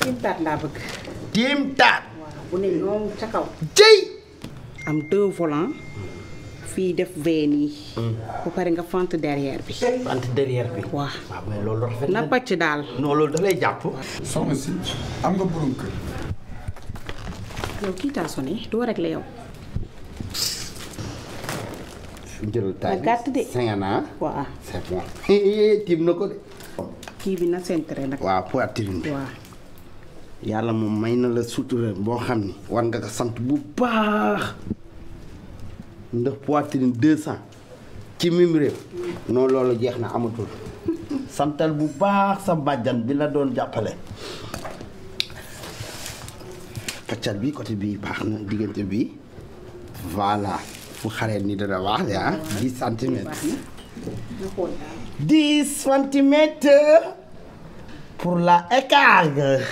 tiim taat laa bëgg. tiim taat. bu ne ñoom ca kaw. jëy. am deux volants. fii def veine yi. Hmm. bu pare nga fente derrière bi. fente derrière bi. waaw waaw na pàcc daal. non loolu da lay jàpp. soxna si am nga borom la yow. jël gàtt de cinquante waaw c'est bon. Eh, eh, eh, tiim na ko de. kii bi na centré nag. waaw poitrine bi waaw. yàlla moom may na la sutura boo xam ni war nga ko sant bu baax ndax poitrine deux cent ci mim noo non loolu jeex na amatul santal bu baax sa bàjjan bi la doon jàppale paccal bi côté bi baax na diggante bi voilà fu xaree ni dana baax de ah dix centimètres dix pour la écargue